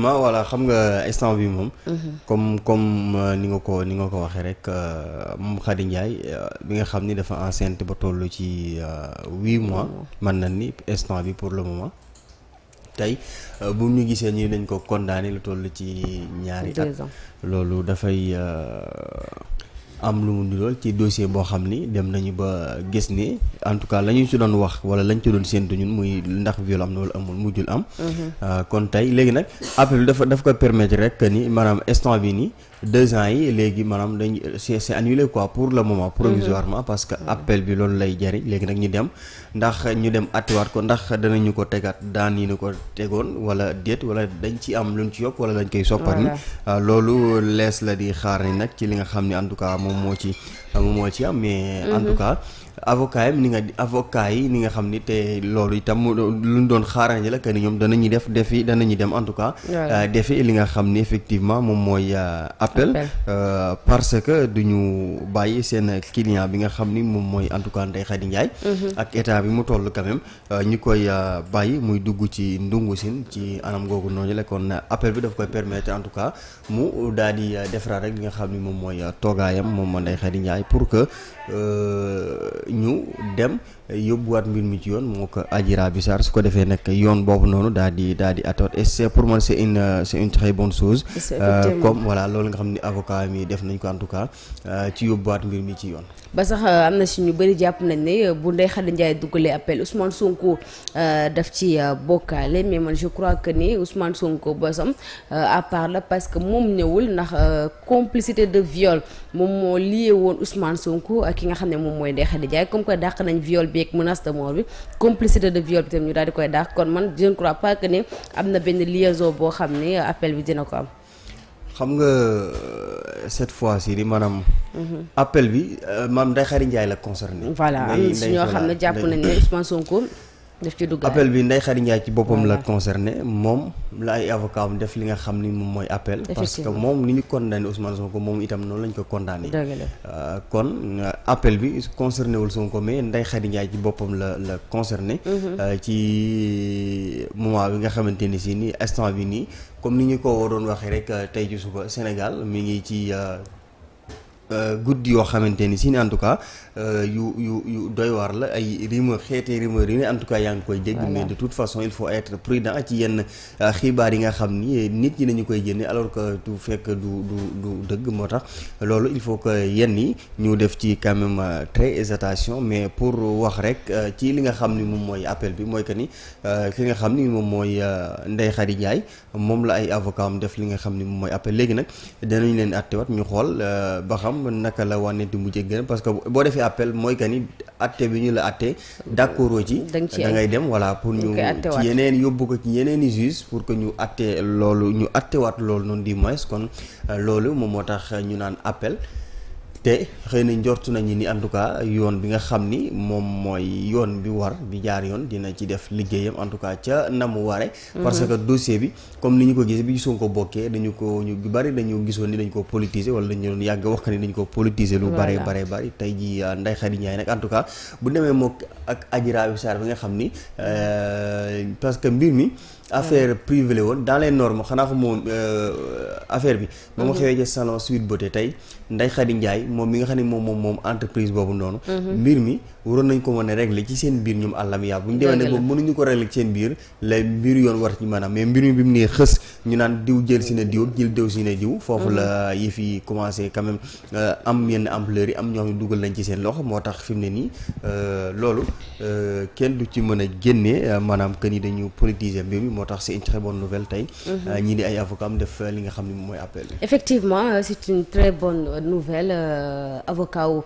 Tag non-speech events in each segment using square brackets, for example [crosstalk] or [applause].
ma voilà xam nga instant bi moom. Mhm. comme comme euh, ni nga ko ni nga ko waxee rek euh, moom Khady euh, bi nga xam ni dafa enceinte ba toll ci huit mois. man na ni instant bi pour le moment. tey bu ñu gisee ñu dañ ko condamné lu toll ci ñaari at loolu dafay. am lu mu nirool ci dossier boo xam ni dem nañu ba gis ni en tout cas la ñu ci doon wax wala lañ ci doon séntu ñun muy ndax viol am na wala amul mujjul am. Mhm. Ah, kon tey léegi nag appel bi dafa daf ko permettre rek ni maanaam instant bi nii. deux ans yi léegi maanaam dañ c'est c'est annulé quoi pour le moment mhm. provisoirement parce que appel bi loolu lay jariñ léegi nag ñu dem ndax ñu dem attiwaat ko ndax danañu ko tegaat daan yi ñu ko tegoon wala déet wala dañ ci am lu ñu ci yokk wala dañ koy soppar ni euh, loolu lees la di xaar ni nag ci li nga xam ne en tout cas moom moo ci moom moo ci am mais en mhm. tout cas avocat yi ni nga yi ni nga xam ni te loolu itam luñ doon xaarandi la que ni ñoom danañuy def defi ñu dem en tout cas. Euh, defi li nga xam ni effectivement moom mooy. Euh, appel euh, parce que du ñu bàyyi seen client bi nga xam ni moom mooy en tout cas Ndeye Khady Ndiaye. Mhm. ak état bi mu toll quand même ñu koy bàyyi muy dugg ci ndungu sin ci anam googu noonu lekkoon kon appel bi daf koy permettre en tout cas mu daal di defaraat rek li nga xam ni moom mooy toogaayam moom Ndeye Khady Ndiaye pour que. ñu dem yóbbuwaat mbir mi ci yoon moo ko Adjira Bissar su ko defee nag yoon boobu noonu daal di daal di attoot et pour man c'est une c'est une très bonne chose euh, comme voilà loolu nga xam ne avocat mi def nañ ko en tout cas euh, ci yóbbuwaat mbir mi ci yoon ba sax euh, am na si ñu bëri jàpp nañ ne euh, bu Ndeye Khady Ndiaye duggalee appel Ousmane Sonko euh, def ci bokkaale mais man je crois que nii Ousmane Sonko bosam à part la parce que moom ñëwul ndax complicité de viole moom moo lié woon Ousmane Sonko ak ki nga xam ne moom mooy Ndeye Khady Ndiaye comme que dàq nañ viole bi ak menace de mort bi complicité de viol bi tam ñu daal di koy dàq kon man je ne crois pas que ni am na benn liaison boo xam ne appel bi dina ko am. xam nga euh, cette fois ci di maanaam. Mm-hmm. appel bi euh, maam Ndeye Khary Ndiaye la concerné. voilà am na ñoo xam ne jàpp nañu ne Ousmane Sonko. daf ci dugg appel bi Ndeye Khady Ndiaye ci boppam la concerné moom la ay avocat am def li nga xam ni moom mooy appel. parce que moom ni ñu condamné Ousmane Sonko moom itam noonu lañ ko condamné. Euh, kon euh, appel bi concerné wul Sonko mais Ndeye Khady Ndiaye ci boppam la la concerné. Mhm. Euh, ci moment bi nga xamante ni si ni instant bi nii comme ni ñu ko waroon waxee rek tey ci suba Sénégal mi ngi ci. Euh, guddi yoo xamante ni si en tout cas euh, yu yu yu doy waar la ay rumeur xeete rumeur yi ne en tout cas yaa ngi koy dégg mais de toute façon il faut être prudent ci yenn euh, xibaar yi nga xam ni nit ñi dañu koy génne alors que du fekk du du du dëgg moo tax loolu il faut que yenn yi ñu def ci quand même très mais pour wax rek ci li nga xam ni moom mooy appel bi mooy que ni ki nga xam ni moom mooy Ndeye Khady Ndiaye moom la ay avocat am def li nga xam ni moom mooy appel léegi nag danañ xam naka la wane di mujjee gën parce que boo defee appel mooy que ni atte bi ñu la atte d'accord ci da ngay dem voilà pour ñu ci yeneen yóbbu ko ci yeneen i juge pour que ñu atte loolu ñu attewaat loolu noonu di moins kon euh, loolu moom moo tax ñu naan appel te xëy na njortu nañu ni en tout cas yoon bi nga xam ni moom mooy yoon bi war bi jaar yoon dina ci def liggéeyam en tout cas ca na mu ware mhm. parce que dossier bi comme ni ñu ko gisee bi gisoon ko bokkee dañu ko ñu bari dañu gisoon ni dañ ko politiser wala dañu doon yàgg wax ni dañ ko politiser lu bare bare bari tey ji euh, Ndeye Khady Ndiaye nag tout cas bu demee mook ak Adji Raby bi nga xam ni euh, parce que mbir mi affaire privé la woon dans les normes xanaa ko moom euh, euh, affaire bi. moom ma mhm. xewee ca salon Sweet Beauté tey Ndeye Khady Ndiaye moom mi nga xam ne moom moom moom entreprise boobu noonu. Mhm. mbir mi waroon nañ ko mën a régler ci seen biir ñoom àllam yaa bu ñu demee nag boobu ko régler ci seen biir lay yoon war ci maanaam mais mbir bi mu nee xës ñu naan diw jël si ne diw jël diw si na diw. foofu la mhm. yëf yi commencé quand même euh, am yenn ampleur yi am ñoo xam ne dugal nañ ci seen loxo moo tax fi mu ne nii loolu kenn du ci mën a génnee maanaam que ni dañu politiser mbir moo tax c'est une très bonne nouvelle tey. Mhm. Euh, ñii di ay avocats am def euh, li nga xam ne mooy appel bi. effectivement euh, c'est une très bonne nouvelle avocat wu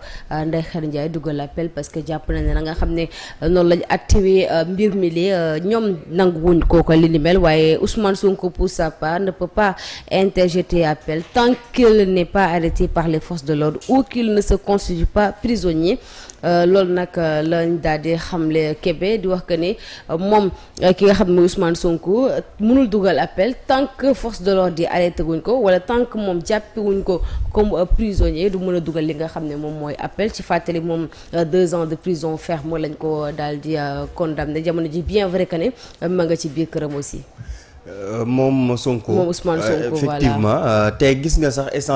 Ndeye Khady Ndiaye appel parce que jàpp na ne na nga xam ne noonu la lañ activé mbir mi li ñoom nanguwuñ kooku li ni mel waaye Ousmane Sonko pour sa part ne pa pas interjeter appel tant qu'il n'est pas arrêté par les forces de l'ordre ou qu'il ne se constitue pas prisonnier. Euh, loolu nag euh, lañ daal di xamle kebe di wax que ni euh, moom ki nga xam ne Ousmane Sonko mënul dugal appel tant force de l'ordre yi arrêté wuñ ko wala tant moom jàppi wuñ ko comme prisonnier du mën a dugal li nga xam ne moom mooy ci fàttali moom deux ans de prison ferme lañ ko daal di condamné jamono ji bien vrai que ne ma nga ci biir këram aussi. moom moom Ousmane Sonko effectivement te gis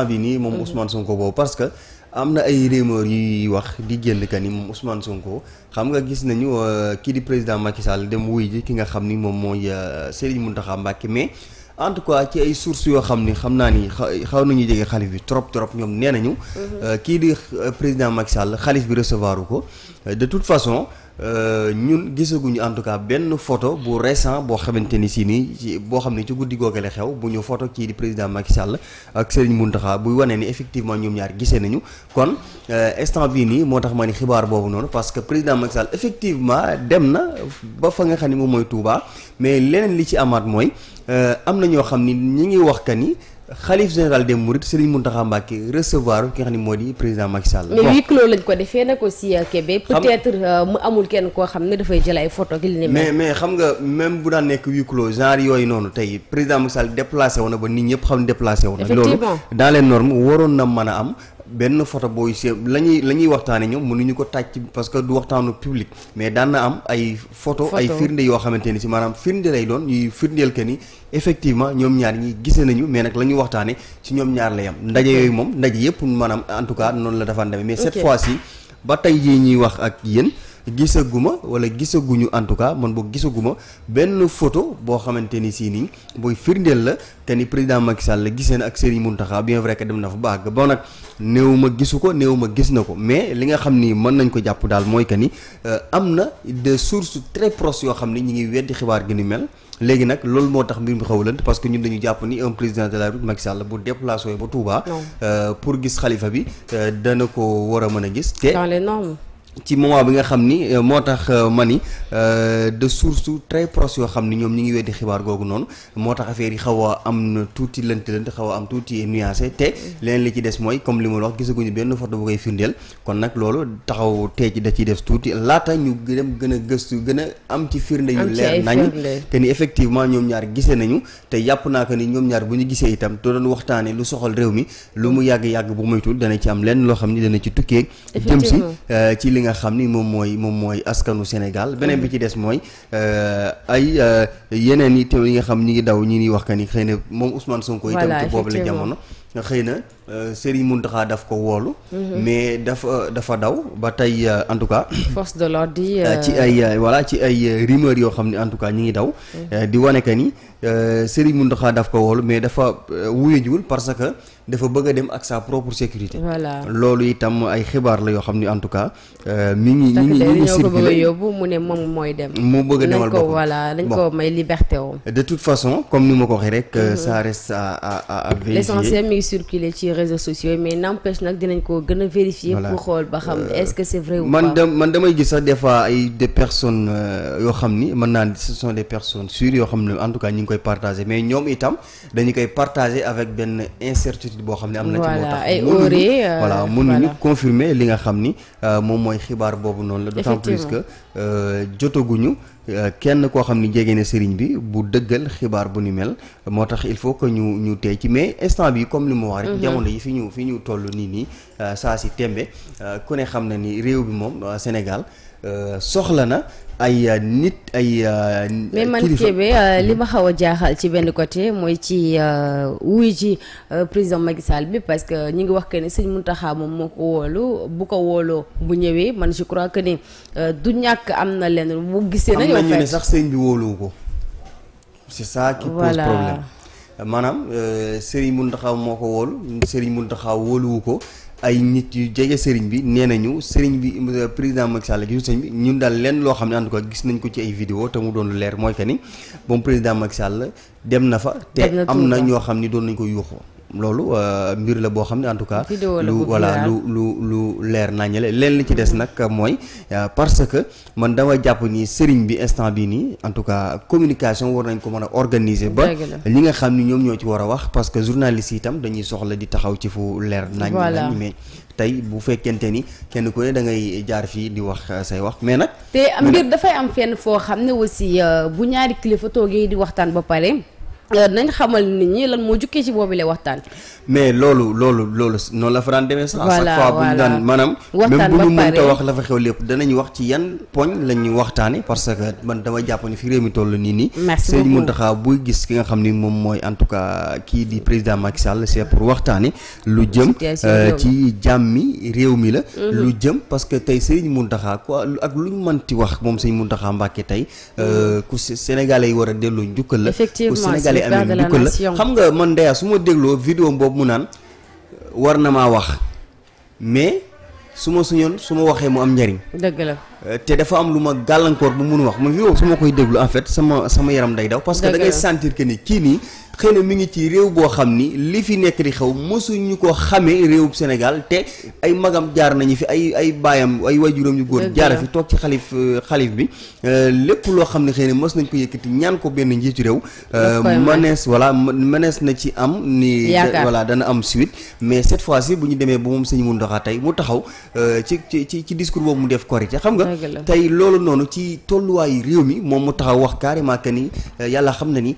bi nii moom mhm. Ousmane Sonko boobu parce que. am na ay rumeur yuy wax di génn ka ni moom Ousmane Sonko xam nga gis nañu euh, kii di président Macky Sall dem wuy ji ki nga xam ni moom mooy euh, Serigne Mountakha Mbacké mais en tout cas ci ay sources yoo xam ni xam naa ni xaw nañu jege xalif bi trop trop ñoom nee nañu. Mhm. Euh, kii di président Macky Sall xalif bi recevoir ko de toute façon. Euh, ñun gisaguñu en tout cas benn photo bu récent boo xamante ni si nii ci boo xam ne ci guddi googale xew bu ñu photo kii di président Macky Sall ak Serigne Mountakha buy wane ni effectivement ñoom ñaar gisee nañu kon euh, instant bii nii moo tax ma ni xibaar boobu noonu parce que président Macky Sall effectivement dem na ba fa nga xam ni moom mooy Touba mais leneen li ci amaat mooy euh, am na ñoo xam ni ñi ngi wax ka ni. xalif général des Mourides Serigne Mountakha Mbacké recevoir ki nga xam ne moo di président Macky mais huis clos lañ ko defee nag aussi Kébé. peut-être euh, mu amul kenn koo xam ne dafay jël photo gi li mais mais xam nga même bu daan nekk huis clos genre yooyu noonu tey président Macky Sall déplacé wu na ba nit ñëpp xam ne déplacé wu na. loolu dans les normes waroon na mën a am. benn photo booy si la ñuy la ñuy waxtaanee ñoom mënuñu ko tàcc parce que du waxtaanu public mais daan na am ay photo ay firnde yoo xamante ni si maanaam firnde lay doon ñuy firndeel que ni effectivement ñoom ñaar ñi gise nañu mais nag la ñu waxtaanee ci ñoom ñaar la am ndaje yooyu moom ndaje yëpp maanaam en tout cas noonu la dafaan demee mais cette fois ci ba tey jii ñuy wax ak yéen gisaguma wala gisaguñu en tout cas man boog gisaguma benn foto boo xamante ni sii nii booy firndeel la que ni président Macky Sall la gisee na ak Serigne Mountakha bien vrai que dem na fa baax bon nag néew ma gisu ko néew ma gis na ko mais li nga xam ni mën nañ ko jàpp daal mooy que ni euh, am na des source très proches yoo xam ni ñu ngi weddi xibaar gi ni mel. léegi nag loolu moo tax mbir mu xaw lënt parce que ñun dañu jàpp ni un président de la République Macky Sall bu déplacé ba Touba. Euh, pour gis xalifa bi euh, dana ko war a mën a gis. te ci moment bi nga xam ni euh, moo tax euh, ma ni euh, de source très proche yoo xam ni ñoom ñu ngi weddi xibaar googu noonu moo tax affaire yi xaw a am na tuuti lënt lënt xaw a am tuuti nuancé te leen li ci des mooy comme li ma wax gisaguñu benn photo bu kon nag loolu taxaw tey da ciy def tuuti laata ñu dem gën a gëstu gën a am ci firnde yu leer te ni effectivement ñoom ñaar gisee nañu te yàpp naa ko ni ñoom ñaar bu ñu gisee itam te doon waxtaanee lu soxal réew mi lu mu yàgg-yàgg bu moytul dana ci am lenn loo xam ni dana ci tukkee jëm si li nga xam moom mooy moom mooy askanu Sénégal beneen bi ci des mooy euh, ay euh, yeneen yi te yi nga xam ñi ngi daw ñi ngi wax que ni xëy na moom Ousmane Sonko itam ci boobu la jamono xëy na Euh, Serigne Mountakha daf ko woolu mhm. mais dafa dafa daw ba tey euh, en tout cas. [coughs] force de l'ordre di. Euh, ci ay voilà ci ay rumeur yoo xam ne en tout cas ñu ngi daw. Mhm. di wane que ni Serigne Mountakha daf ko woolu mais dafa wuyajiwul parce que dafa bëgg a dem ak sa propre sécurité. voilà loolu itam ay xibaar la yoo xam ne en tout cas. mi ngi mi ngi mi ngi mu moom mooy dem. moo bëgg a demal boppam voilà may liberté woom. de toute façon comme ni ma ko waxee rek. Mhm. ça réseaux sociaux yi mais n'empêche nag dinañ ko gën a vérifier pour xool ba xam euh, est-ce que c'est vrai ou pas man da man damay gis sax des ay des personnes euh, yoo xam ni mën naa ce sont personne personnes yoo xam ne en tout cas ñu ngi koy partager mais ñoom itam dañu koy partager avec benn incertitude boo xam ne am na ci moo tax ay óore euh, li nga xam ni moom mooy xibaar boobu noonu la d'autant plus que jotaguñu Euh, kenn koo xam ni jege na sëriñ bi bu dëggal xibaar bu ni mel moo tax il faut que ñu ñu tey ci mais instant bi comme li mu wax mhm. jamono yi fi ñu fi ñu tollu nii nii euh, saa si tembe euh, ku ne xam na ni réew bi moom Sénégal soxla na ay euh, nit ay. Euh, mais man Kébé euh, li ma xaw a jaaxal ci benn côté mooy ci wuy ci président Macky Sall bi parce que ñi ngi wax que ne sëñ Mountakha moom moo ko woolu bu ko wooloo bu ñëwee man je crois que ne du ñàkk am na lenn bu gisee. nañoo fekk am na ñu ne sax sëñ bi wooloo ko. c'est ça qui pose problème ko woolu Serigne Mountakha ko. ay nit yu jege sëriñ bi nee nañu sëriñ bi euh, président Macky Sall gisul sëriñ bi ñun daal lenn loo xam ne en tout cas gis nañ ko ci ay vidéo te mu doon lu leer mooy que ni moom président Macky Sall dem na fa. te am na ñoo xam ni doon nañ ko yuuxoo. loolu euh, mbir la boo xam ne en tout cas lu voilà lu lu lu leer nañale leen li ci des nag mooy euh, parce que man dama jàpp nii sëriñ bi instant bii nii en tout cas communication war nañ ko mën a organiser ba li nga xam ni ñoom ñoo ci war a wax parce que journalistes yi itam dañuy soxla di taxaw ci fu leer nañ nañ mais tey bu fekkente ni kenn ku ne da ngay jaar fii di wax euh, say wax mais nag te mbir dafay am fenn foo xam ne aussi bu ñaari kilifa toogee di waxtaan ba pare Euh, nañ xamal nit ñi lan moo jukkee ci boobu la waxtaan. mais loolu loolu loolu noonu la fa daan demee. voilà voilà chaque fois bu ñu daan maanaam. waxtaan bu ñu mënta wax la fa xew lépp danañ wax ci yan poñ la ñuy waxtaanee. parce que man dama jàpp ni fi réew mi toll nii nii. merci beaucoup Sëñ gis ki nga xam ni moom mooy en tout cas kii di président Macky Sall c'est pour waxtaanee. lu jëm ci euh, jàmmi réew mi la. Mhm. lu jëm parce que tey Sëñ Mountakha quoi ak lu ñu mënti wax moom Sëñ Mountakha Mbacké tey mhm. euh, ku Sénégalais yi war a delloo njukkal la. effectivement Ndeye Amine Dicko la xam nga man Ndeya su ma dégloo vidéo boobu mu naan war na maa wax mais su ma suñoon su ma waxee mu am njariñ dëgg euh, te dafa am lu ma gàllankoor bu mun wax ma vidéo su ma koy déglu en fait sama sama yaram day daw parce que sentir que ni kii nii xëy na mi ngi ci réew boo xam ni li fi nekk di xew mësuñu ko xamee réewum Sénégal te ay magam jaar nañu fi ay ay baayam ay wajuram yu góor jaara fi toog ci xalif euh, xalif bi euh, lépp loo xam ne xëy na mës nañ ko yëkkati ñaan ko benn njiitu réew euh, mënees voilà mënees na ci am ni voilà dana am suite mais cette fois yi bu ñu demee ba moom sëñ Mountakha tey mu taxaw ci ci ci discours boobu mu def korité xam nga tey loolu noonu ci tolluwaayu réew mi moom mu taxaw wax carrément que ni yàlla xam na ni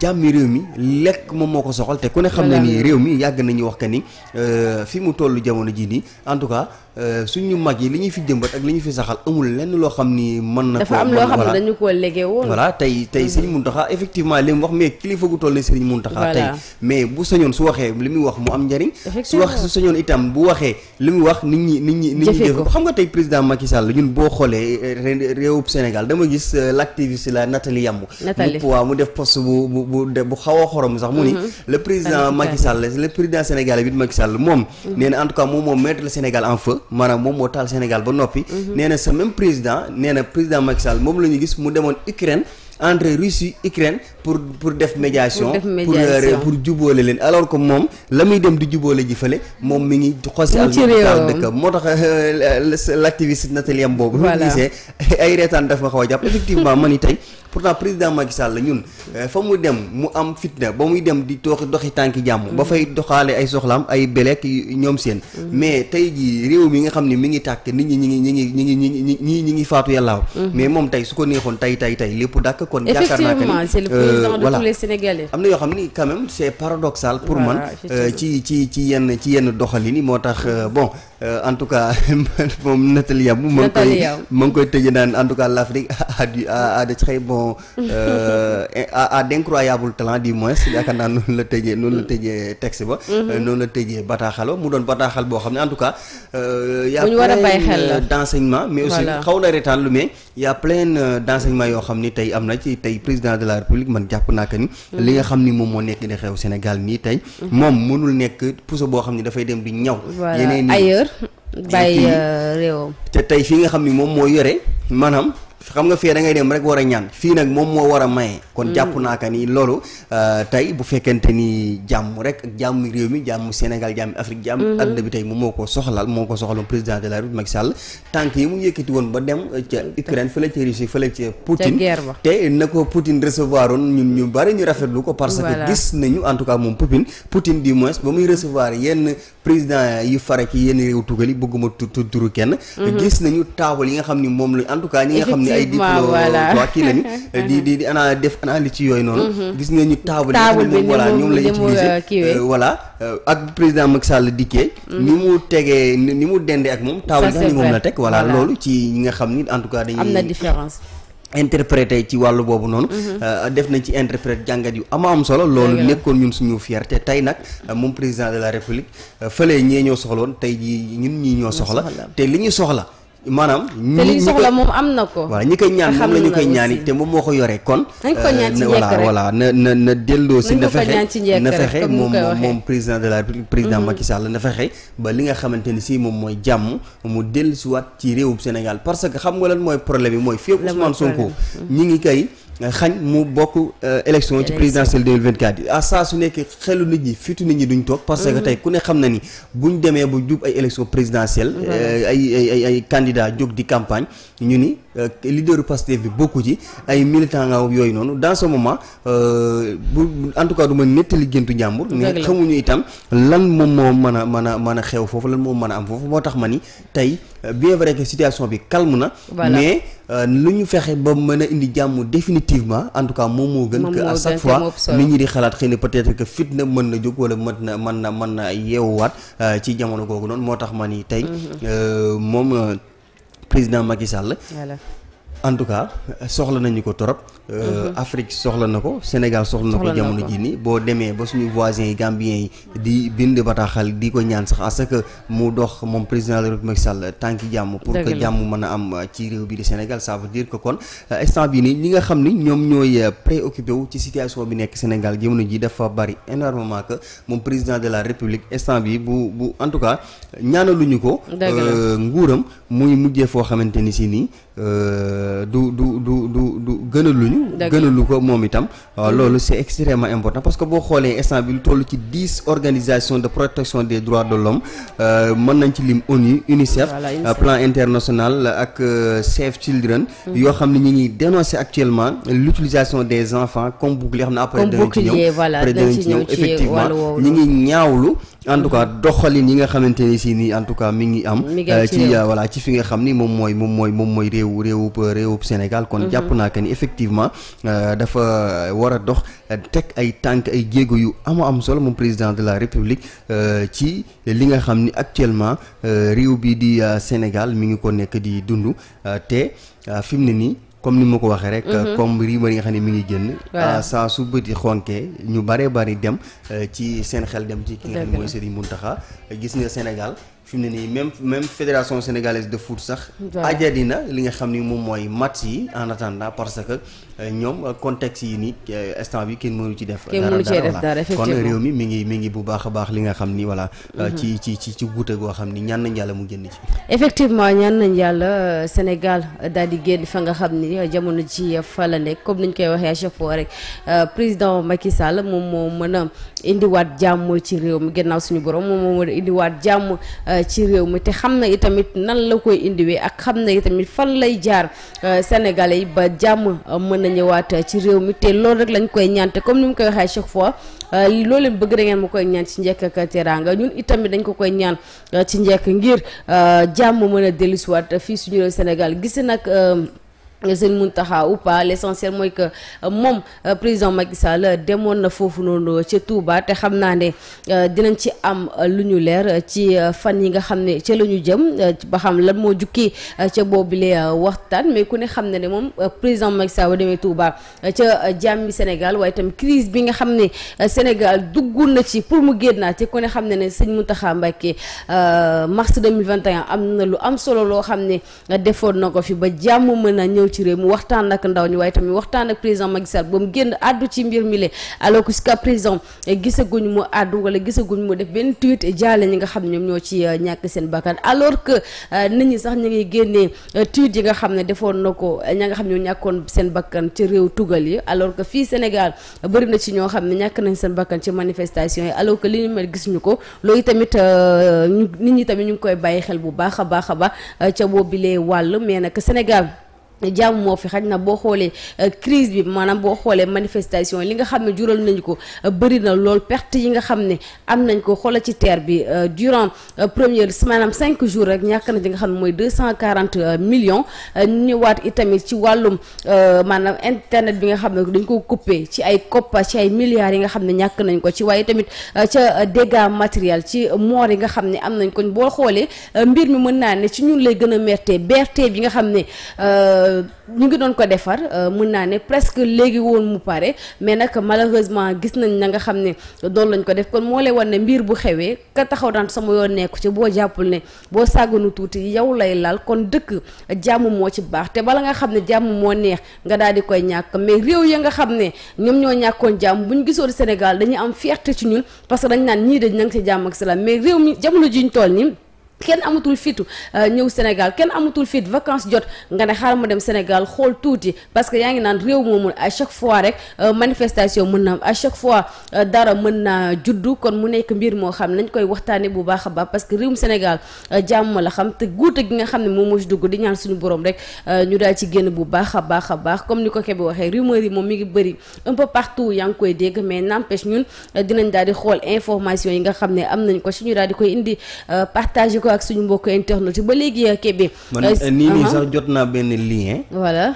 jàmmi réew mi lekk moom moo ko soxal te ku ne xam ne nii réew mi yàgg nañu wax que ni euh, fi mu tollu jamono ji nii en tout cas Euh, suñu mag yi li ñu fi jëmbat ak li ñu fi saxal amul lenn loo xam ni mën na dafa am loo xam ne dañu ko légee woon voilà tey tey mm. sëriñ Mountakha effectivement li mu wax mais kilifa gu toll ne sëriñ Mountakha tey mais su waxee li muy wax mu am njariñ su wax su sañoon itam bu waxee li mu wax nit ñi nit ñi nit ñi def xam nga tey président Macky Sall ñun boo xoolee eh, réewub Sénégal dama gis euh, l'activiste la Nathalie Yambou mu poids mu def poste bu bu bu bu xaw a xorom sax mu ni mm-hmm. le président Macky Sall le président sénégalais bi Macky Sall moom mm-hmm. nee na en tout cas maanaam moom moo taal Sénégal ba noppi. Mhm. nee na sa même président nee na président Macky moom la ñu gis mu demoon Ukraine entre Russie Ukraine pour pour def médiation pour pour jubóole leen alors que moom la muy dem di jubóole ji fële moom mi ngi xosi al dëkka moo tax euh, l'activiste nataliam boobu ñu gisee [laughs] ay reetaan daf ma xaw a jàpp effectivement man i tey pourtant président Macky Sall la ñun euh, fa mu dem mu am fitna ba muy dem di tooxi doxi tànki jàmm ba mm. fay doxaale ay soxlaam ay beleek ñoom seen mm. mais tey jii réew mi nga xam ne mi ngi tàkk nit ñi ñi ngi ñi ngi ñi ngi ñi ñi ñi ngi faatu yàllaaw mm-hmm. mais moom tey su ko neexoon tey tey tey lépp dàkk kon yaakaar naa que ni Euh, président de tous am na yoo xam ni quand même c'est paradoxal pour man euh, ci ci ci yenn ci yenn doxalin yi moo tax euh, bon Euh, en tout cas [laughs] moom Nathalie Yamb ma ngi koy ma ngi koy tëjee naan en tout cas l' a du a a de très bon [laughs] euh, a d' incroyable talent du moins yaakaar naa noonu la tëjee noonu la tëjee texte ba mm-hmm. euh, noonu la tëjee bataaxalo mu doon bataaxal boo xam ne en tout cas y a plein d' enseignement mais aussi xaw na retaan lu mais y a plein yoo xam ni tey am na ci tey président de la république man jàpp naa que ni mm-hmm. li nga xam ni moom moo nekk di xew Sénégal nii tey mm-hmm. moom mënul nekk boo xam ne dafay dem bàyyi euh, réewam te tey fii nga xam ni moom moo yore maanaam xam nga fee da ngay dem rek war a ñaan fii nag moom moo war a maye. kon jàpp mm. naa ka ni loolu euh, tey bu fekkente ni jàmm rek ak jàmm réew mi jàmm Sénégal jàmm Afrique jàmm mm-hmm. àdduna bi tey moom moo ko soxlaal moo ko soxlal président de la République Macky Sall tànk yi mu yëkkati woon ba dem euh, ca Ukraine fële ca Russie fële ca Poutine te na ko Poutine recevoir oon ñun ñu bari ñu rafetlu ko parce que gis nañu en tout cas moom Poutine Poutine du moins ba muy recevoir yenn président yu fare ki yenn réew tugal yi bëgguma turu kenn mm-hmm. gis nañu taabal yi nga xam ni moom la en tout cas ñi nga xam ni ay diplôme waa kii lañu [laughs] di di di ana def analyse ci yooyu noonu mhm. gis nga ñu taabal bi moom voilà la euh, utiliser euh, voilà euh, ak président Macky Sall dikkee mhm. ni mu tegee ni mu dende ak moom taabal moom la teg voilà loolu ci ñi nga xam ni en tout cas dañuy am na différence interprété ci wàllu boobu noonu mhm. def nañ ci interprète jàngat yu ama am solo loolu nekkoon ñun suñu fierté tey nag moom président de la république fële ñee ñoo soxloon tey jii ñun ñii ñoo soxla te li ñu soxla maanaam. te li soxla moom am na ko. voilà ñi koy ñaan xam la ñu koy ñaan te moom moo ko yore kon. nañ ko euh, voilà na na delloo si. na fexe na fexe moom moom président de la république président mm-hmm. Macky Sall na fexe ba li nga xamante ni si moom mooy jàmm mu dellusiwaat ci réewum Sénégal parce que xam nga lan mooy problème bi mooy. la mooy problème fépp Ousmane mm-hmm. ñi ngi kay. xañ mu bokk euh, élection ci présidentielle 2024 yi à saa su nekkee xelu nit ñi fitu nit ñi duñ toog parce que mhm. tey ku ne xam na ni buñ demee bu jub ay élection présidentielle euh, ay ay ay candidat jóg di campagne ñu ni Euh, leaderu Pastef bi bokku ci ay militant nga yooyu noonu dans ce moment euh, bu en tout cas du ma nettali géntu njàmbur mais xamuñu itam lan moom moo mën a mën a mën a xew foofu lan moom mën a am foofu moo tax ma ni tey euh, bien vrai que situation bi calme na mais lu ñu fexe ba mën a indi jàmm définitivement en tout cas moom moo gën que à chaque fois nit ñi di xalaat xëy na peut-être que fitna mën na jóg wala mën na mën na mën na yeewuwaat ci jamono googu noonu moo tax ma ni tey mm-hmm. moom président Macky Sall. en tout cas soxla nañu ko torop Euh, mhm. Afrique soxla na ko Sénégal soxla na ko jamono ji ni boo demee ba suñu voisins yi Gambien yi di bind bataaxal di ko ñaan sax à ce que mu dox moom président de la République Macky jàmm pour que jàmm a am euh, ci réew bi di Sénégal ça veut dire que kon euh, instant bi ñi nga xam ni ñoom ñooy préoccupé wu ci situation bi nekk Sénégal jamono ji dafa bari énormément que moom président de la République instant bi bu bu en tout cas ñaanaluñu ko nguuram muy mujjee foo xamante ni si nii du du du du du gënaluñ ñu gënalu ko moom itam euh, mm-hmm. loolu c'est extrêmement important parce que boo xoolee instant bi lu toll ci dix organisations de protection des droits de l'homme euh, mën nañ ci lim ONU UNICEF euh, plan international ak Save Children mm-hmm. yoo xam ne ñu ngi dénoncer actuellement l'utilisation des enfants comme bouclier xam ne après danañ ci ñëw après danañ ci ñëw effectivement ñu ngi ñaawlu en tout cas doxalin yi nga xamante ni si nii en tout cas mi ngi am euh, ci voilà ci fi nga xam ni moom mooy moom mooy moom réew réewub réewub Sénégal kon mhm. jàpp naa que ni effectivement euh, dafa euh, war a dox teg ay tànk ay jéego yu ama am solo moom président de la République ci li nga xam ni actuellement réew bii di Sénégal mi ngi ko nekk di dund te fi mu ne nii comme ni ma ko waxee rek. Mhm. comme rumeur yi nga xam ne mi ngi génn. Ah, saa su bëti xonkee ñu baree bari dem euh, ci seen xel dem ci ki nga xam ne mooy Serigne gis nga Sénégal. fi mu ne nii même même fédération sénégalaise de foot sax. ajadi na li nga xam ni moom mooy match yi en attendant parce que euh, ñoom contexte yi nii euh, instant bi kenn mënu ci def. dara dara a euh, mm-hmm. ñaan nañ yàlla mu génn ci. effectivement ñaan nañ yàlla Sénégal daal di génn fa nga xam ni jamono ji fa nekk comme niñ koy waxee à chaque rek président Macky moom moo mën a. indiwaat jàmm ci réew mi gannaaw suñu borom moom moo war a indiwaat jàmm euh, ci réew mi te xam na itamit nan la koy indiwee ak xam na itamit fan lay jaar euh, sénégalais yi ba jàmm euh, mën na ñëwaat ci réew mi te loolu rek lañ koy ñaan te comme ni mu koy waxee chaque fois loolu bëgg da ngeen ma koy ñaan ci njëkk ak teraanga ñun itamit dañ ko koy ñaan ci njëkk ngir jàmm mën a dellusiwaat fii suñu réew Sénégal gis nag. sëñ Mountakha ou pas l'essentiel mooy que euh, moom euh, président Macky Sall euh, demoon na foofu noonu ca Touba te xam naa ne dinañ ci am lu ñu leer ci fan yi nga xam ne ca la ñu jëm ba xam lan moo jukkee ca boobule waxtaan mais ku ne xam ne ne moom président Macky Sall ba demee Touba ca jàmmi Sénégal waaye itam crise bi nga xam ne Sénégal dugg na ci pour mu génnaat te ko ne xam ne ne sëñ Mountakha Mbacké mars 2021 am na lu am solo loo xam ne defoon na ko fi ba jàmm mën a ñëw. ci réew mu waxtaan ak ndaw ñi waaye tamit waxtaan ak président Macky Sall ba génn àddu ci mbir mi le alors que jusqu'à présent eh, gisaguñu mu àddu wala gisaguñ mu def benn tweet jaale ñi nga xam ne ñoom ñoo ci eh, ñàkk seen bakkan alors que eh, nit sax ñu ngi génnee tweet yi nga xam ne defoon na ko ña nga xam ne ñàkkoon seen bakkan ci réew tugal yi alors que fii Sénégal bëri na ci ñoo xam ne ñàkk nañ seen bakkan ci manifestation yi alors que li ñu mel gisuñu ko loolu tamit nit ñi tamit ñu ngi koy bàyyi xel bu baax a baax a baax ca boobilee wàll mais nag Sénégal jàmm moo fi xaj na boo xoolee euh, crise bi maanaam boo xoolee manifestation li nga xam ne jural nañu ko euh, bari na lool perte yi nga xam ne am nañ ko xoola ci terre bi euh, durant première maanaam cinq jours rek ñàkk na li nga xam ne mooy deux cent quarante millions ñëwaat itamit ci wàllum maanaam internet bi nga xam ne dañ ko coupé ci ay coppa ci yi nga xam ne ñàkk nañ ko ci waaye tamit ca dégâts matériel ci moor yi nga xam ne am nañ ko boo xoolee mbir mi mën naa ne ci ñun lay gën a merte berte bi nga xam ne mu euh, ngi doon ko defar euh, mun naa ne presque léegi woon mu pare mais nag malheureusement gis nañ na nga xam ne doon lañ ko def kon moo lay wan ne mbir bu xewee ka taxaw daan sama yoon nekku ci boo jàppul ne boo sàgganu tuuti yow lay laal kon dëkk jàmm moo ci baax te bala nga xam ne jàmm moo neex nga daal di koy ñàkk mais réew ya nga xam ne ñoom ñoo ñàkkoon jàmm bu ñu gisoon Sénégal dañuy am fierté ci ñun parce que dañ naan ñii dañ na ci jàmm ak salaam mais kenn amatul fitu euh, ñëw Sénégal kenn amatul fit vacance jot nga ne xaar ma dem Sénégal xool tuuti parce que yaa ngi naan réew moomul à chaque fois rek euh, manifestation mën na am à chaque fois euh, dara mën naa juddu kon mu nekk mbir moo xam nañ koy waxtaanee bu baax a baax parce que réewum Sénégal jàmm la xam te guute gi nga xam ne moom moo ci dugg di ñaan suñu borom rek ñu daal ci génn bu baax a baax a baax comme ni ko Kébé waxee rumeur yi moom mi ngi bëri un peu yaa ngi koy dégg mais n'empêche ñun dinañ daal di xool information yi nga xam ne am nañ ko suñu daal di koy indi partager ko ak suñu mbokk internet ba léegi euh, Kébé. man euh, euh, nii nii uh-huh. sax jot naa benn lien. voilà.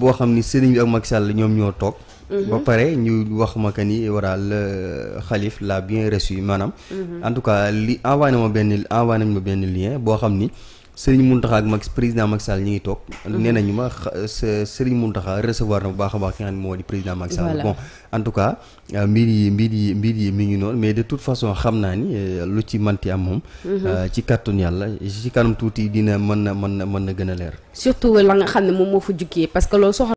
boo xam ni sëriñ bi ak Macky Sall ñoom ñoo toog. Uh-huh. ba pare ñu wax ma que ni voilà le xalif la bien reçu maanaam. Uh-huh. en tout cas li envoyé na ma benn envoyé nañ ma benn lien boo xam ni. Serigne Mountakha ak Macky président Macky Sall ñi ngi toog. Mhm. nee nañu ma euh, Serigne Mountakha recevoir na bu baax a baax ki nga xam ne moo di président Macky Sall. bon en tout cas euh, mbir yi mbir yi mbir mi ngi noonu mais de toute façon xam naa ni euh, lu ci manti am moom. Mhm. ci kàttun yàlla ci kanam tuuti dina mën na mën na mën na gën a leer. surtout la nga xam ne moom moo fa jukkee parce que loolu soxla